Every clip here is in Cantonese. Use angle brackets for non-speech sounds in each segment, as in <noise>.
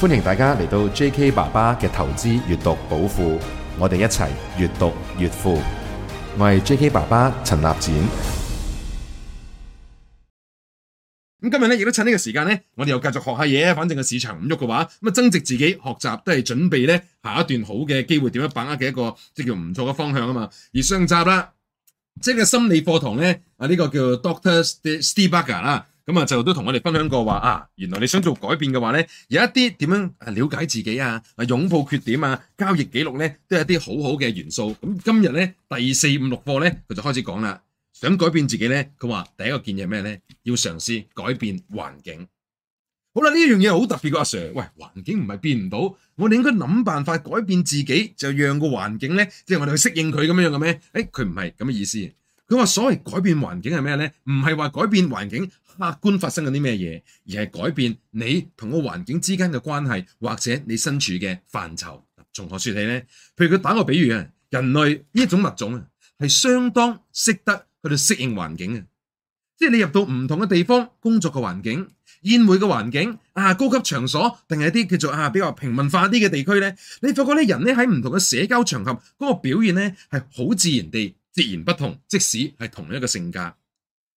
歡迎大家嚟到 J.K. 爸爸嘅投資閱讀寶庫，我哋一齊閱讀越富。我係 J.K. 爸爸陳立展。咁今日咧，亦都趁呢個時間咧，我哋又繼續學下嘢。反正個市場唔喐嘅話，咁啊增值自己學習都係準備咧下一段好嘅機會，點樣把握嘅一個即叫唔錯嘅方向啊嘛。而雙集啦，即、這、係個心理課堂咧啊，呢、這個叫 Doctor Steenbarger 啦。咁啊，就都同我哋分享過話啊，原來你想做改變嘅話咧，有一啲點樣啊，了解自己啊，啊，擁抱缺點啊，交易記錄咧，都係一啲好好嘅元素。咁今日咧，第四五六課咧，佢就開始講啦。想改變自己咧，佢話第一個建議係咩咧？要嘗試改變環境。好啦，呢樣嘢好特別嘅阿 Sir。喂，環境唔係變唔到，我哋應該諗辦法改變自己，就讓個環境咧，即係我哋去適應佢咁樣、欸、樣嘅咩？誒，佢唔係咁嘅意思。佢話所謂改變環境係咩咧？唔係話改變環境。客觀發生嗰啲咩嘢，而係改變你同個環境之間嘅關係，或者你身處嘅範疇。從何說起咧？譬如佢打個比喻啊，人類呢一種物種啊，係相當識得去到適應環境嘅。即係你入到唔同嘅地方工作嘅環境、宴會嘅環境啊，高級場所定係啲叫做啊比較平民化啲嘅地區咧，你發覺咧，人咧喺唔同嘅社交場合嗰個表現咧係好自然地、截然不同，即使係同一個性格。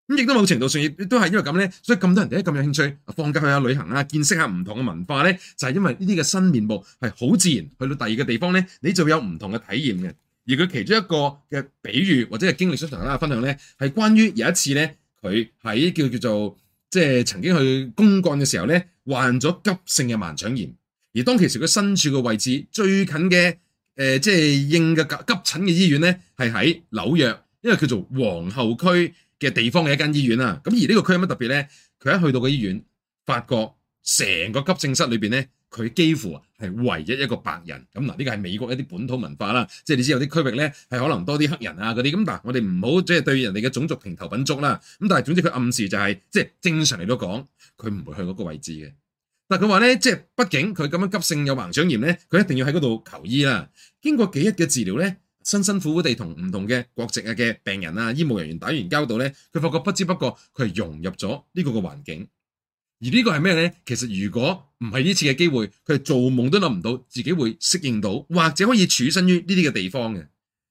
咁亦都某程度上亦都係因為咁咧，所以咁多人第一咁有興趣放假去下旅行啊，見識下唔同嘅文化咧，就係、是、因為呢啲嘅新面貌係好自然去到第二個地方咧，你就會有唔同嘅體驗嘅。而佢其中一個嘅比喻或者係經歷想同大家分享咧，係關於有一次咧，佢喺叫叫做即係曾經去公幹嘅時候咧，患咗急性嘅盲腸炎。而當其時佢身處嘅位置最近嘅誒、呃、即係應嘅急急診嘅醫院咧，係喺紐約，因為叫做皇后區。嘅地方嘅一間醫院啦，咁而個區呢個區有乜特別咧？佢一去到個醫院，發覺成個急症室裏面咧，佢幾乎係唯一一個白人。咁嗱，呢個係美國一啲本土文化啦，即係你知有啲區域咧係可能多啲黑人啊嗰啲。咁但係，我哋唔好即係對人哋嘅種族評頭品足啦。咁但係總之佢暗示就係即係正常嚟都講，佢唔會去嗰個位置嘅。但係佢話咧，即係畢竟佢咁樣急性有盲腸炎咧，佢一定要喺嗰度求醫啦。經過幾日嘅治療咧，辛辛苦苦地同唔同嘅國籍啊嘅病人啊、醫務人員打完交道呢，佢發覺不知不覺佢係融入咗呢個個環境，而呢個係咩呢？其實如果唔係呢次嘅機會，佢係做夢都諗唔到自己會適應到，或者可以處身於呢啲嘅地方嘅。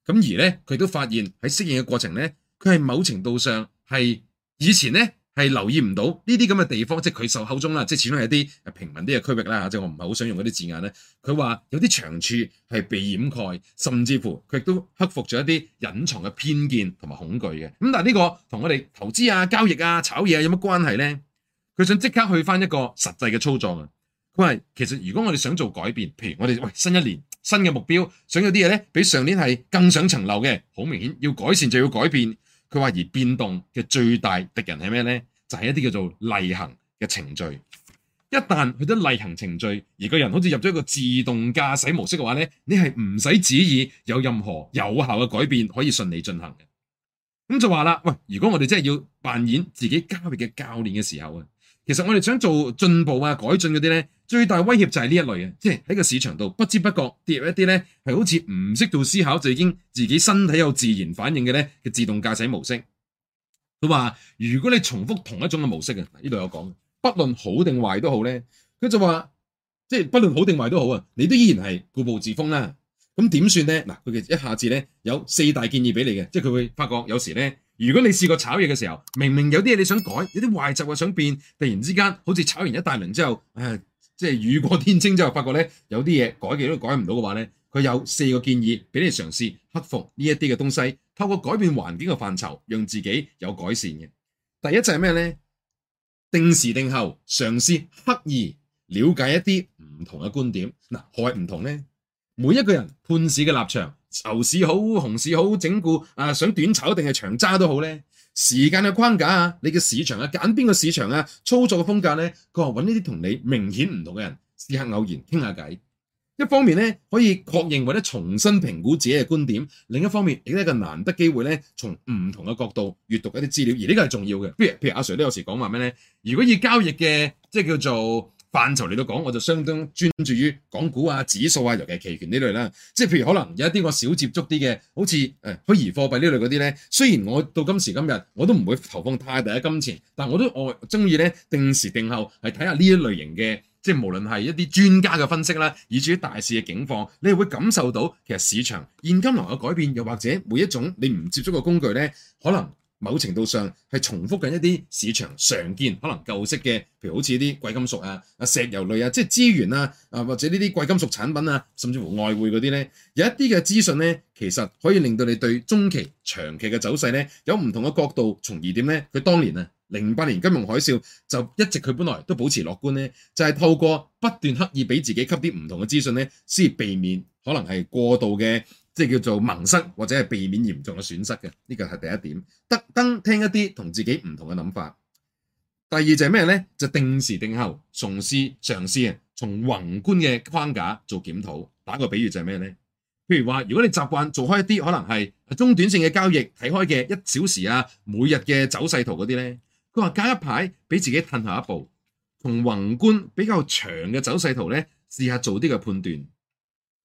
咁而呢，佢都發現喺適應嘅過程呢，佢係某程度上係以前呢，係留意唔到呢啲咁嘅地方，即係佢受口中啦，即係始終係一啲平民啲嘅區域啦吓，即係我唔係好想用嗰啲字眼咧。佢話有啲長處係被掩蓋，甚至乎佢亦都克服咗一啲隱藏嘅偏見同埋恐懼嘅。咁但係呢個同我哋投資啊、交易啊、炒嘢啊，有乜關係咧？佢想即刻去翻一個實際嘅操作啊！因為其實如果我哋想做改變，譬如我哋喂新一年新嘅目標，想要啲嘢咧，比上年係更上層樓嘅，好明顯要改善就要改變。佢話而變動嘅最大敵人係咩咧？就係一啲叫做例行嘅程序。一旦去咗例行程序而個人好似入咗一個自動駕駛模式嘅話咧，你係唔使指意有任何有效嘅改變可以順利進行嘅。咁就話啦，喂！如果我哋真係要扮演自己交易嘅教練嘅時候啊。其實我哋想做進步啊、改進嗰啲咧，最大威脅就係呢一類嘅，即係喺個市場度不知不覺跌入一啲咧，係好似唔識到思考就已經自己身體有自然反應嘅咧嘅自動駕駛模式。佢話如果你重複同一種嘅模式啊，呢度有講，不論好定壞都好咧，佢就話即係不論好定壞都好啊，你都依然係固步自封啦。咁點算咧？嗱，佢嘅一下子咧有四大建議俾你嘅，即係佢會發覺有時咧。如果你試過炒嘢嘅時候，明明有啲嘢你想改，有啲壞習慣想變，突然之間好似炒完一大輪之後，誒、哎，即係雨過天晴之後，發覺咧有啲嘢改極都改唔到嘅話咧，佢有四個建議俾你嘗試克服呢一啲嘅東西，透過改變環境嘅範疇，讓自己有改善嘅。第一就係咩咧？定時定候，嘗試刻意了解一啲唔同嘅觀點。嗱，何謂唔同咧？每一個人判事嘅立場。牛市好，熊市好，整固啊！想短炒定係長揸都好咧，時間嘅框架啊，你嘅市場啊，揀邊個市場啊，操作嘅風格咧，佢話揾呢啲同你明顯唔同嘅人，試下偶然傾下偈。一方面咧可以確認或者重新評估自己嘅觀點，另一方面亦都係個難得機會咧，從唔同嘅角度閱讀一啲資料，而呢個係重要嘅。譬如譬如阿 Sir 都有時講話咩咧，如果以交易嘅即係叫做。範疇嚟到講，我就相當專注於港股啊、指數啊，尤其係期權呢類啦。即係譬如可能有一啲我少接觸啲嘅，好似誒虛擬貨幣呢類嗰啲呢。雖然我到今時今日我都唔會投放太大嘅金錢，但我都我中意呢定時定候係睇下呢一類型嘅，即係無論係一啲專家嘅分析啦，以至於大市嘅景況，你會感受到其實市場現金流嘅改變，又或者每一種你唔接觸嘅工具呢，可能。某程度上係重複緊一啲市場常見、可能舊式嘅，譬如好似啲貴金屬啊、啊石油類啊，即係資源啊或者呢啲貴金屬產品啊，甚至乎外匯嗰啲呢。有一啲嘅資訊呢，其實可以令到你對中期、長期嘅走勢呢有唔同嘅角度，從而點呢？佢當年啊，零八年金融海嘯就一直佢本來都保持樂觀呢，就係透過不斷刻意俾自己吸啲唔同嘅資訊呢，先避免可能係過度嘅。即係叫做萌失，或者係避免嚴重嘅損失嘅，呢個係第一點。特登聽一啲同自己唔同嘅諗法。第二就係咩咧？就定時定候，從試嘗試啊，從宏觀嘅框架做檢討。打個比喻就係咩咧？譬如話，如果你習慣做開一啲可能係中短線嘅交易，睇開嘅一小時啊、每日嘅走勢圖嗰啲咧，佢話加一排俾自己褪下一步，從宏觀比較長嘅走勢圖咧，試下做啲嘅判斷。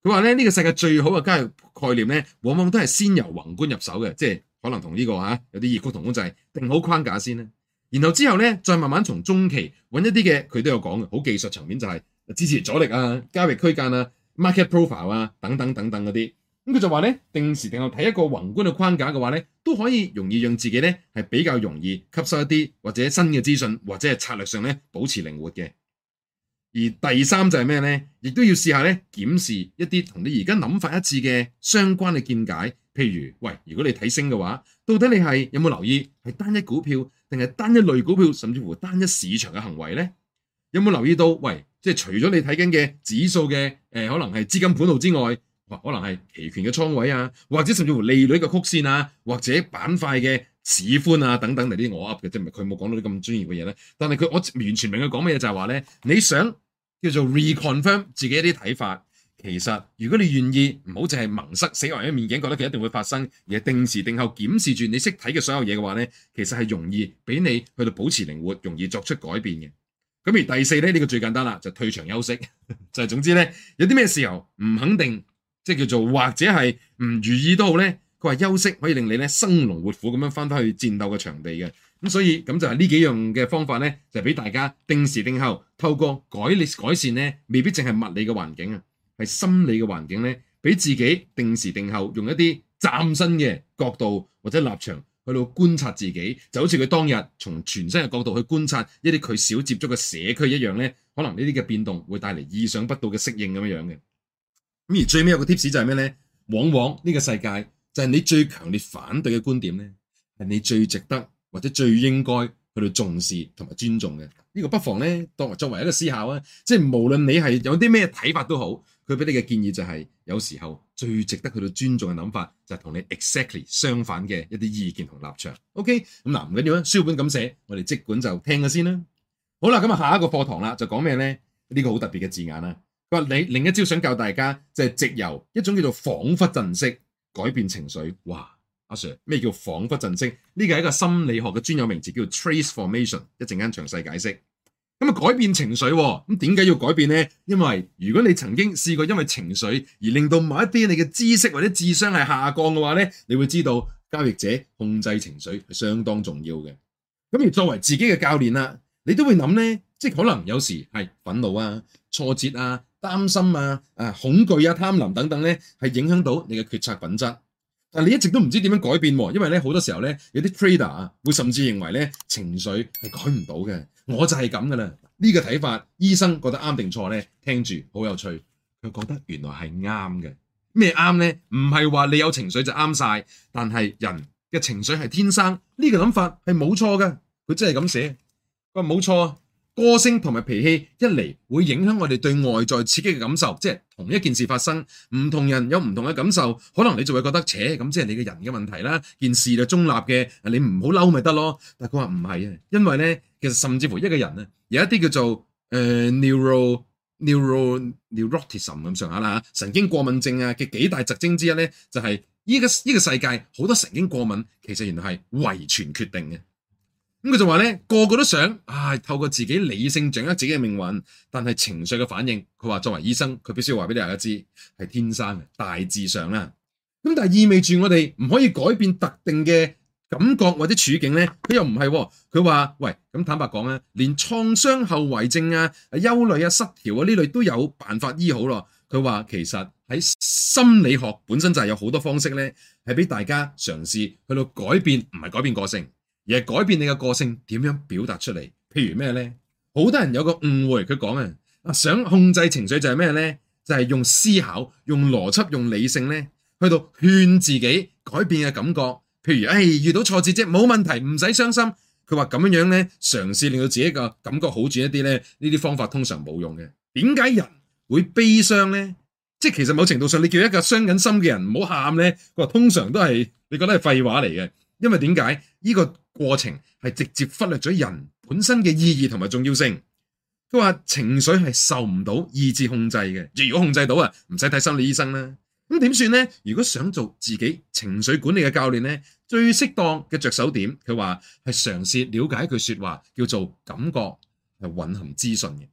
佢話咧，呢個世界最好嘅交易概念咧，往往都係先由宏觀入手嘅，即係可能同呢個嚇、啊、有啲異曲同工就係定好框架先啦。然後之後咧，再慢慢從中期揾一啲嘅，佢都有講嘅，好技術層面就係、是、支持阻力啊、交易區間啊、market profile 啊等等等等嗰啲。咁佢就話咧，定時定候睇一個宏觀嘅框架嘅話咧，都可以容易讓自己咧係比較容易吸收一啲或者新嘅資訊，或者係策略上咧保持靈活嘅。而第三就係咩咧？亦都要試下咧，檢視一啲同你而家諗法一致嘅相關嘅見解。譬如，喂，如果你睇升嘅話，到底你係有冇留意係單一股票，定係單一類股票，甚至乎單一市場嘅行為咧？有冇留意到？喂，即係除咗你睇緊嘅指數嘅誒、呃，可能係資金盤路之外，呃、可能係期權嘅倉位啊，或者甚至乎利率嘅曲線啊，或者板塊嘅市寬啊等等嚟啲我噏嘅，即係佢冇講到啲咁專業嘅嘢咧？但係佢我完全明佢講咩嘢，就係話咧，你想，叫做 reconfirm 自己一啲睇法，其實如果你願意，唔好淨係盲塞死牛一邊頸，覺得佢一定會發生，而係定時定候檢視住你識睇嘅所有嘢嘅話咧，其實係容易俾你去到保持靈活，容易作出改變嘅。咁而第四咧，呢、呢個最簡單啦，就係、退場休息。就 <laughs> 係總之咧，有啲咩時候唔肯定，即係叫做或者係唔如意都好咧，佢話休息可以令你咧生龍活虎咁樣翻返去戰鬥嘅場地嘅。所以咁就係呢幾樣嘅方法咧，就俾大家定時定候。透過改力、改善咧，未必淨係物理嘅環境啊，係心理嘅環境咧，俾自己定時定候，用一啲嶄新嘅角度或者立場去到觀察自己，就好似佢當日從全新嘅角度去觀察一啲佢少接觸嘅社區一樣咧，可能呢啲嘅變動會帶嚟意想不到嘅適應咁樣樣嘅。咁而最尾有個 tips 就係咩咧？往往呢個世界就係你最強烈反對嘅觀點咧，係你最值得。或者最應該去到重視同埋尊重嘅呢個，不妨咧當作為一個思考啊！即係無論你係有啲咩睇法都好，佢俾你嘅建議就係有時候最值得去到尊重嘅諗法，就係同你 exactly 相反嘅一啲意見同立場。OK，咁嗱唔緊要啦，書本咁寫，我哋即管就聽下先啦。好啦，咁啊，下一個課堂啦，就講咩呢？呢個好特別嘅字眼啦。佢話你另一招想教大家，即係藉由一種叫做彷彿陣式改變情緒。哇！咩叫彷彿震升？呢個係一個心理學嘅專有名字，叫 Trace Formation。一陣間詳細解釋。咁啊，改變情緒咁點解要改變呢？因為如果你曾經試過因為情緒而令到某一啲你嘅知識或者智商係下降嘅話呢，你會知道交易者控制情緒係相當重要嘅。咁而作為自己嘅教練啦，你都會諗呢，即可能有時係憤怒啊、挫折啊、擔心啊、啊恐懼啊、貪婪等等呢係影響到你嘅決策品質。但你一直都唔知點樣改變喎，因為呢好多時候有啲 trader 會甚至認為情緒係改唔到嘅。我就係咁嘅啦，呢個睇法，醫生覺得啱定錯呢？聽住好有趣，佢覺得原來係啱嘅。咩啱呢？唔係話你有情緒就啱晒，但係人嘅情緒係天生，呢個諗法係冇錯嘅，佢真係咁寫，佢話冇錯。個性同埋脾氣一嚟，會影響我哋對外在刺激嘅感受，即係同一件事發生，唔同人有唔同嘅感受，可能你就會覺得扯咁，即係你嘅人嘅問題啦。件事就中立嘅，你唔好嬲咪得咯。但係佢話唔係啊，因為咧，其實甚至乎一個人啊，有一啲叫做誒、呃、neuro neuro neuroticism 咁上下啦嚇，神經過敏症啊嘅幾大特徵之一咧，就係依個依個世界好多神經過敏，其實原來係遺傳決定嘅。咁佢就話咧，個個都想，唉、啊，透過自己理性掌握自己嘅命運，但係情緒嘅反應，佢話作為醫生，佢必須要話俾你大家知，係天生，大致上啦。咁但係意味住我哋唔可以改變特定嘅感覺或者處境咧，佢又唔係、哦。佢話，喂，咁坦白講咧，連創傷後遺症啊、憂慮啊、失調啊呢類都有辦法醫好咯。佢話其實喺心理學本身就係有好多方式咧，係俾大家嘗試去到改變，唔係改變個性。而係改變你嘅個性點樣表達出嚟？譬如咩呢？好多人有個誤會，佢講啊，想控制情緒就係咩呢？就係用思考、用邏輯、用理性呢去到勸自己改變嘅感覺。譬如，哎，遇到挫折啫，冇問題，唔使傷心。佢話咁樣呢，嘗試令到自己個感覺好轉一啲呢，呢啲方法通常冇用嘅。點解人會悲傷呢？即係其實某程度上，你叫一個傷緊心嘅人唔好喊呢，佢話通常都係你覺得係廢話嚟嘅，因為點解呢個？過程係直接忽略咗人本身嘅意義同埋重要性。佢話情緒係受唔到意志控制嘅，如果控制到啊，唔使睇心理醫生啦。咁點算呢？如果想做自己情緒管理嘅教練呢，最適當嘅着手點，佢話係嘗試了解一句說話，叫做感覺係蘊含資訊嘅。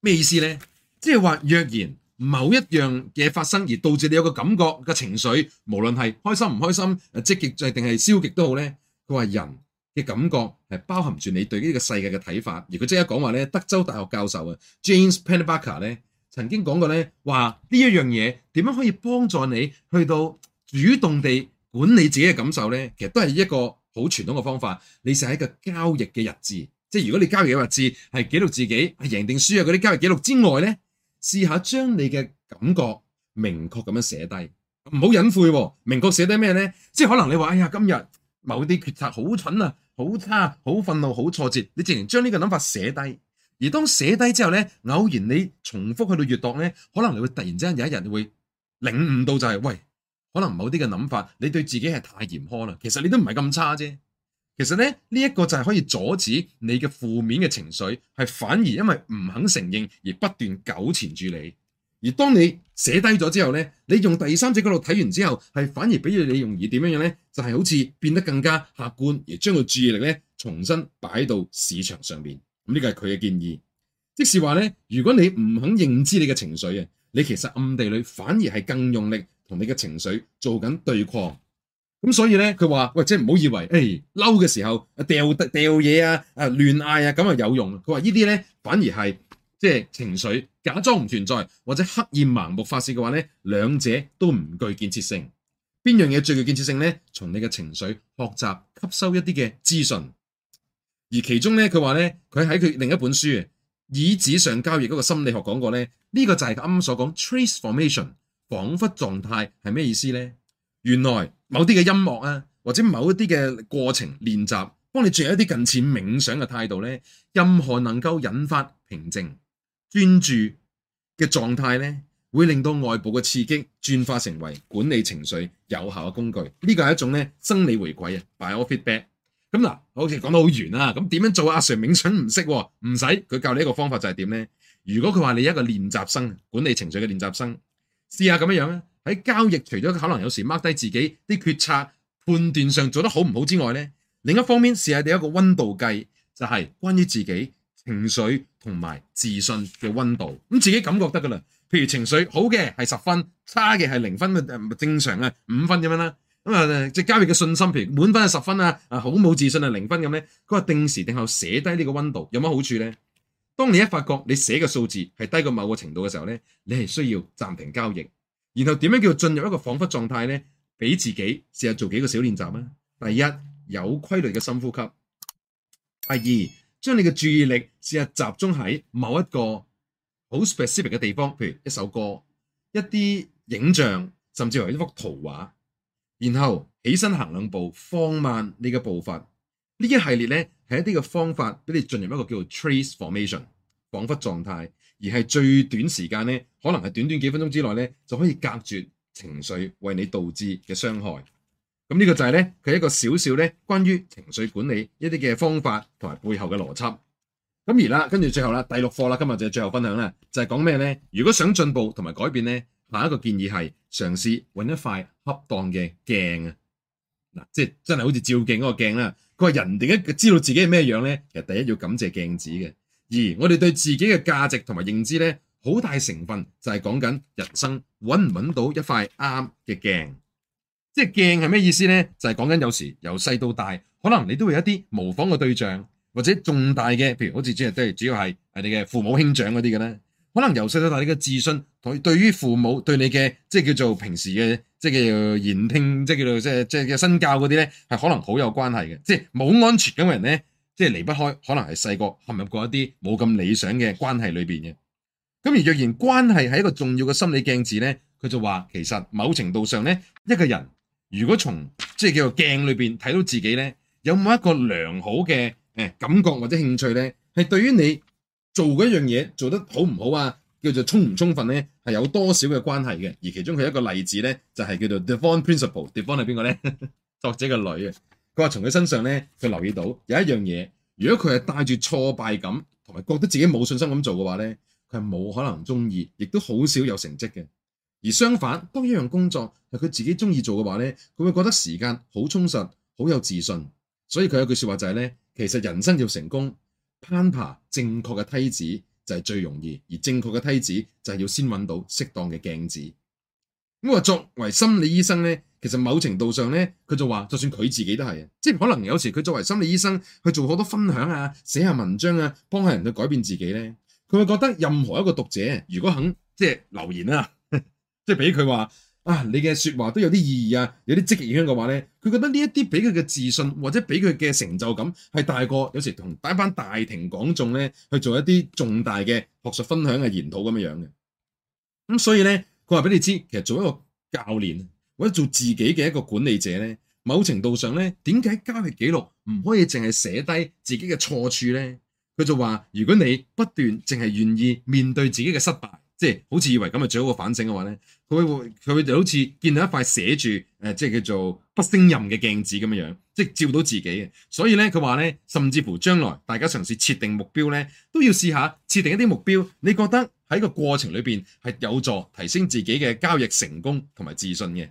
咩意思呢？即係話若然某一樣嘢發生而導致你有個感覺嘅情緒，無論係開心唔開心、積極定係消極都好呢。佢話人嘅感覺係包含住你對呢個世界嘅睇法。如果即刻講話咧，德州大學教授啊，James Pennebaker 咧，曾經講過咧，話呢一樣嘢點樣可以幫助你去到主動地管理自己嘅感受咧。其實都係一個好傳統嘅方法。你寫一個交易嘅日誌，即係如果你交易嘅日誌係記錄自己係贏定輸啊嗰啲交易記錄之外咧，試下將你嘅感覺明確咁樣寫低，唔好隱晦。明確寫低咩咧？即係可能你話，哎呀，今日。某啲決策好蠢啊，好差，好憤怒，好挫折。你直情將呢個諗法寫低，而當寫低之後呢，偶然你重複去到閲讀呢，可能你會突然之間有一日會領悟到就係，喂，可能某啲嘅諗法你對自己係太嚴苛啦。其實你都唔係咁差啫。其實呢，呢一個就係可以阻止你嘅負面嘅情緒係反而因為唔肯承認而不斷糾纏住你。而當你寫低咗之後呢，你用第三者角度睇完之後，係反而俾到你容易點樣樣呢？就係好似變得更加客觀，而將個注意力咧重新擺到市場上面。咁呢個係佢嘅建議。即是話咧，如果你唔肯認知你嘅情緒啊，你其實暗地裏反而係更用力同你嘅情緒做緊對抗。咁所以咧，佢話：喂，即係唔好以為誒嬲嘅時候啊，掉掉嘢啊，啊亂嗌啊，咁啊有用。佢話呢啲咧反而係即係情緒假裝唔存在，或者刻意盲目發洩嘅話咧，兩者都唔具建設性。邊樣嘢最具建設性咧？從你嘅情緒學習吸收一啲嘅資訊，而其中咧，佢話咧，佢喺佢另一本書《以紙上交易》嗰個心理學講過咧，呢個就係佢啱啱所講 trance formation 恍惚狀態係咩意思咧？原來某啲嘅音樂啊，或者某一啲嘅過程練習，幫你進入一啲近似冥想嘅態度咧，任何能夠引發平靜專注嘅狀態咧，會令到外部嘅刺激轉化成為管理情緒有效嘅工具，呢個係一種咧，生理回饋啊 by all feedback。咁嗱，我哋講得好完啦，咁點樣做阿 Sir 明顯唔識，唔使佢教，你一個方法就係點呢？如果佢話你是一個練習生，管理情緒嘅練習生，試下咁樣樣咧。喺交易，除咗可能有時 mark 低自己啲決策判斷上做得好唔好之外呢，另一方面試下你一個溫度計，就係、是、關於自己情緒同埋自信嘅温度，咁、嗯、自己感覺得噶啦。譬如情緒好嘅係十分，差嘅係零分，正常啊五分咁樣啦。咁啊，交易嘅信心，譬如滿分係十分啦，啊好冇自信係零分咁咧。佢話定時定候寫低呢個溫度有乜好處呢？當你一發覺你寫嘅數字係低過某個程度嘅時候咧，你係需要暫停交易。然後點樣叫做進入一個恍惚狀態呢？俾自己試下做幾個小練習啦。第一，有規律嘅深呼吸。第二，將你嘅注意力試下集中喺某一個好 specific 嘅地方，譬如一首歌、一啲影像，甚至乎一幅圖畫，然後起身行兩步，放慢你嘅步伐，呢一系列呢係一啲嘅方法俾你進入一個叫做 trace formation 仿佛狀態，而係最短時間呢，可能係短短幾分鐘之內呢，就可以隔絕情緒為你導致嘅傷害。咁呢個就係呢，佢一個小小呢關於情緒管理一啲嘅方法同埋背後嘅邏輯。咁而啦，跟住最後啦，第六課啦，今日就係最後分享啦，就係講咩咧？如果想進步同埋改變咧，下一個建議係嘗試揾一塊恰當嘅鏡啊！嗱，即係真係好似照鏡嗰個鏡啦。佢話人點解知道自己係咩樣咧？其實第一要感謝鏡子嘅，而我哋對自己嘅價值同埋認知咧，好大成分就係講緊人生揾唔揾到一塊啱嘅鏡，即係鏡係咩意思咧？就係講緊有時由細到大，可能你都會有一啲模仿嘅對象。或者重大嘅，譬如好似即係都係主要係係你嘅父母兄長嗰啲嘅咧，可能由細到大你嘅自信同對於父母對你嘅即係叫做平時嘅即係叫做言聽即係叫做即係即係身教嗰啲咧，係可能好有關係嘅。即係冇安全感嘅人咧，即係離不開可能係細個陷入過一啲冇咁理想嘅關係裏邊嘅。咁而若然關係係一個重要嘅心理鏡子咧，佢就話其實某程度上咧，一個人如果從即係叫做鏡裏邊睇到自己咧，有冇一個良好嘅。誒，感覺或者興趣咧，係對於你做嗰樣嘢做得好唔好啊，叫做充唔充分咧，係有多少嘅關係嘅。而其中佢一個例子咧，就係、是、叫做 Devon Principle。Devon 係邊個咧？作者嘅女啊，佢話從佢身上咧，佢留意到有一樣嘢，如果佢係帶住挫敗感同埋覺得自己冇信心咁做嘅話咧，佢係冇可能中意，亦都好少有成績嘅。而相反，當一樣工作係佢自己中意做嘅話咧，佢會覺得時間好充實，好有自信。所以佢有句說話就係、是、咧。其實人生要成功，攀爬正確嘅梯子就係最容易，而正確嘅梯子就係要先揾到適當嘅鏡子。咁話作為心理醫生咧，其實某程度上咧，佢就話，就算佢自己都係，即係可能有時佢作為心理醫生去做好多分享啊，寫下文章啊，幫下人去改變自己咧，佢會覺得任何一個讀者如果肯即係留言啊， <laughs> 即係俾佢話啊，你嘅說話都有啲意義啊，有啲積極影響嘅話咧。佢覺得呢一啲俾佢嘅自信或者俾佢嘅成就感係大過有時同大班大庭廣眾咧去做一啲重大嘅學術分享嘅研討咁樣樣嘅，咁所以咧佢話俾你知，其實做一個教練或者做自己嘅一個管理者咧，某程度上咧點解交易記錄唔可以淨係寫低自己嘅錯處咧？佢就話：如果你不斷淨係願意面對自己嘅失敗。即係好似以為咁啊，最好個反省嘅話咧，佢會佢會就好似見到一塊寫住誒、呃，即係叫做不勝任嘅鏡子咁樣樣，即係照到自己嘅。所以咧，佢話咧，甚至乎將來大家嘗試設定目標咧，都要試下設定一啲目標，你覺得喺個過程裏邊係有助提升自己嘅交易成功同埋自信嘅。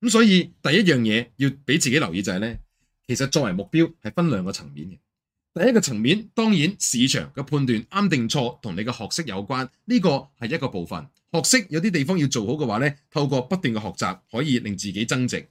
咁所以第一樣嘢要俾自己留意就係、是、咧，其實作為目標係分兩個層面嘅。第一個層面，當然市場嘅判斷啱定錯同你嘅學識有關，呢個係一個部分。學識有啲地方要做好嘅話呢，透過不斷嘅學習可以令自己增值。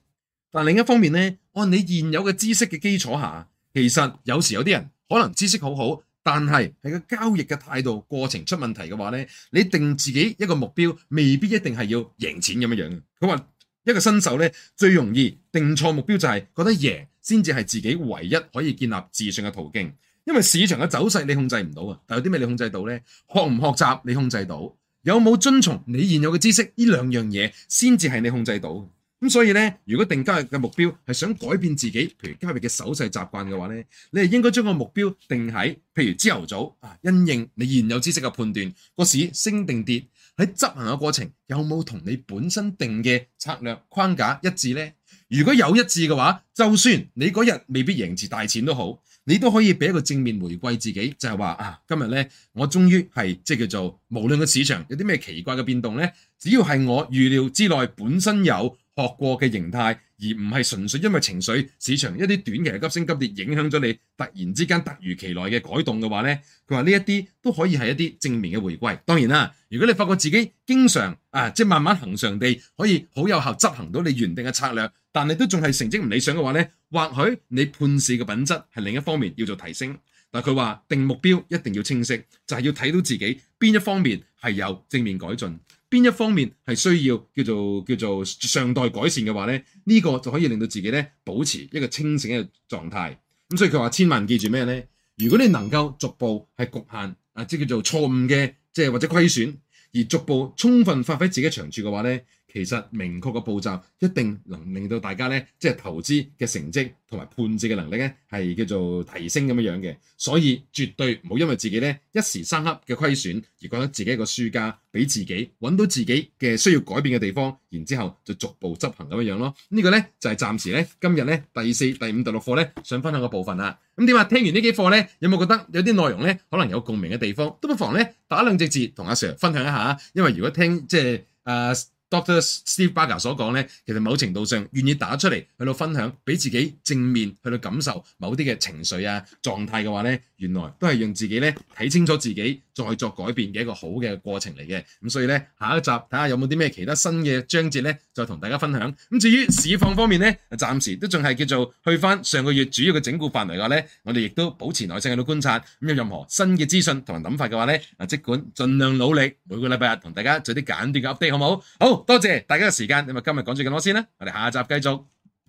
但另一方面呢，按你現有嘅知識嘅基礎下，其實有時有啲人可能知識好好，但係喺個交易嘅態度過程出問題嘅話呢，你定自己一個目標未必一定係要贏錢咁樣樣。佢話一個新手呢，最容易定錯目標就係覺得贏。先至係自己唯一可以建立自信嘅途徑，因為市場嘅走勢你控制唔到啊！但有啲咩你控制到呢？學唔學習你控制到？有冇遵從你現有嘅知識？呢兩樣嘢先至係你控制到。咁所以呢，如果定交易嘅目標係想改變自己，譬如交易嘅手勢習慣嘅話呢，你係應該將個目標定喺譬如朝頭早啊，因應你現有知識嘅判斷，個市升定跌。喺執行嘅過程有冇同你本身定嘅策略框架一致呢？如果有一致嘅話，就算你嗰日未必贏住大錢都好，你都可以畀一個正面回饋自己，就係話啊，今日呢，我終於係即叫做無論個市場有啲咩奇怪嘅變動呢，只要係我預料之內，本身有學過嘅形態。而唔係純粹因為情緒市場，一啲短期嘅急升急跌影響咗你突然之間突如其來嘅改動嘅話呢，佢話呢一啲都可以係一啲正面嘅回歸。當然啦，如果你發覺自己經常啊即係慢慢恆常地可以好有效執行到你原定嘅策略，但你都仲係成績唔理想嘅話呢，或許你判市嘅品質係另一方面要做提升。但佢話定目標一定要清晰，就係要睇到自己邊一方面係有正面改進。邊一方面係需要叫做叫做尚待改善嘅話咧，呢、呢個就可以令到自己咧保持一個清醒嘅狀態。咁、嗯、所以佢話：千萬記住咩咧？如果你能夠逐步係局限啊，即叫做錯誤嘅，即係或者虧損而逐步充分發揮自己嘅長處嘅話咧。其實明確嘅步驟，一定能令到大家咧，即係投資嘅成績同埋判斷嘅能力咧，係叫做提升咁樣樣嘅。所以絕對唔好因為自己咧一時三刻嘅虧損，而覺得自己一個輸家。俾自己揾到自己嘅需要改變嘅地方，然之後就逐步執行咁樣樣咯。這個、呢個咧就係、是、暫時咧今日咧第四、第五、第六課咧想分享嘅部分啦。咁點話？聽完呢幾課咧，有冇覺得有啲內容咧可能有共鳴嘅地方？都不妨咧打兩隻字同阿 Sir 分享一下。因為如果聽即係誒。呃 Dr. Steve Barker 所講咧，其實某程度上願意打出嚟去到分享，俾自己正面去到感受某啲嘅情緒啊狀態嘅話咧，原來都係讓自己咧睇清楚自己，再作改變嘅一個好嘅過程嚟嘅。咁所以咧下一集睇下有冇啲咩其他新嘅章節咧，再同大家分享。咁至於市況方面咧，暫時都仲係叫做去翻上個月主要嘅整固範圍嘅話咧，我哋亦都保持耐性去到觀察。咁有任何新嘅資訊同埋諗法嘅話咧，啊即管盡量努力每個禮拜日同大家做啲簡短嘅 update，好唔好好？好。多謝大家嘅時間，咁啊今日講住咁多先啦，我哋下集繼續。